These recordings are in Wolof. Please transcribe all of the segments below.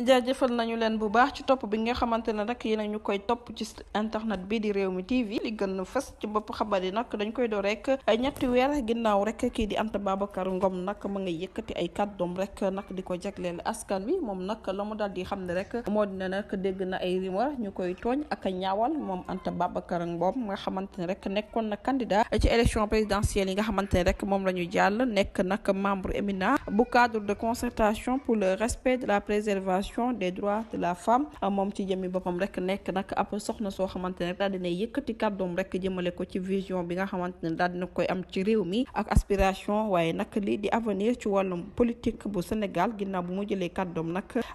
jaajëfal nañu leen bu baax ci topp bi nga xamante ne nag yéen a ñu koy topp ci internet bii di réew mi TV li gën a fës ci bopp xabar yi nag dañ koy doo rek ñetti weer ginnaaw rek kii di Anta Babacar Ngom nag mën ngay yëkkati ay kàddoom rek nag di ko jagleel askan wi moom nag la mu daal di xam ne rek moo dina nag dégg na ay rumeur ñu koy tooñ ak ñaawal moom Anta Babacar Ngom nga xamante ne rek nekkoon na candidat ci élection présidentielle yi nga xamante ne rek moom la ñu jàll nekk nag membre éminent bu cadre de concertation pour le respect la préservation promotion des droits de la femme moom ci jëmi boppam rek nekk nag ab soxna soo xamante ne daal dina yëkkati kàddoom rek jëmale ko ci vision bi nga xamante ne daal di bu Sénégal ginnaaw bu mu jëlee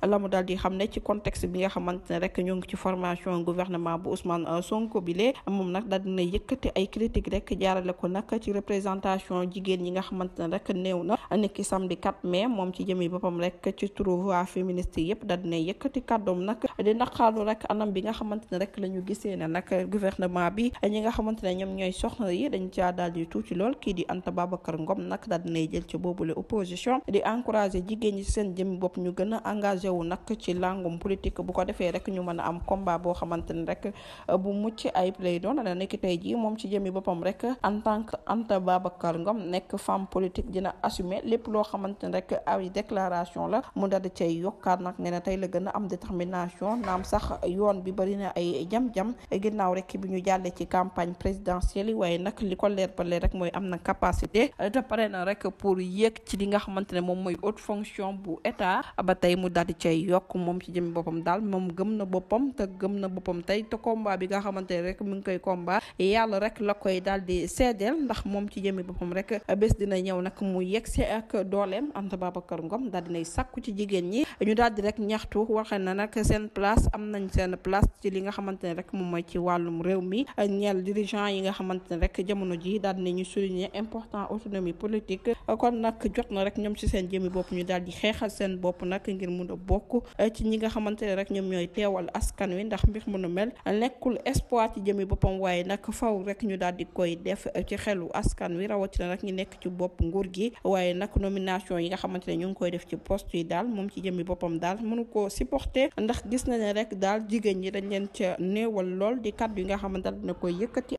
la mu daal di xam ne ci contexte bi nga xamante ne rek ñoo ngi ci formation gouvernement bu Ousmane Sonko bile moom nag daal dina yëkkati ay critique rek jaarale ko nag ci représentation jigéen ñi nga xamante ne rek néew na niki samedi 4 mai moom ci jëmi boppam rek ci trouve féministe yëpp yëpp daal dina yëkkati kàddoom nag di naqaalu rek anam bi nga xamante ne rek la ñu gisee ne nag gouvernement bi ñi nga xamante ne ñoom ñooy soxna yi dañ caa daal di tuuti lool kii di Anta Babacar Ngom nag daal dinay jël ci boobule opposition di ñi seen jëm bopp ñu gën a engagé wu nag ci langum politique bu ko defee rek ñu mën am combat boo xamante ne rek bu mucc ay lay doon dana nekk tey jii moom ci jëmi boppam rek en tant que Anta Babacar Ngom nekk femme politique dina assumer lépp loo xamante ne rek ay déclaration la mu daal di cay yokkaat nee na tey la gën a am détermination naam sax yoon bi bari na ay jam-jam ginnaaw rek bi ñu jàllee ci campagne présidentielle yi waaye nag li ko leer la rek mooy am na capacité te pare na rek pour yéeg ci li nga xamante ne moom mooy haute fonction bu état ba tey mu daal di cay yokk moom ci jëm boppam daal moom gëm na boppam te gëm na boppam tey te combat bi nga xamante ne rek mu ngi koy combat yàlla rek la koy daal di seedeel ndax moom ci jëmmi boppam rek bés dina ñëw nag mu yegg si ak ñaxtu waxee na nag seen place am nañ seen place ci li nga xamante ne rek moom mooy ci wàllum réew mi ñeel dirigeant yi nga xamante ne rek jamono ji daal nañu souligner important autonomie politique kon nag jot na rek ñoom ci seen jëmi bopp ñu daal di xeexal seen bopp nag ngir mun a bokk ci ñi nga xamante ne rek ñoom ñooy teewal askan wi ndax mbir mu nu mel nekkul espoir ci jëmi boppam waaye nag faw rek ñu daal di koy def ci xelu askan wi rawatina nag ñu nekk ci bopp nguur gi waaye nag nomination yi nga xamante ne ñu ngi koy def ci poste yi daal moom ci jëmi boppam daal mënu koo supporter ndax gis na ne rek daal jigéen ñi dañ leen ca néewal lool di kat yi nga xamante ne koy yëkkati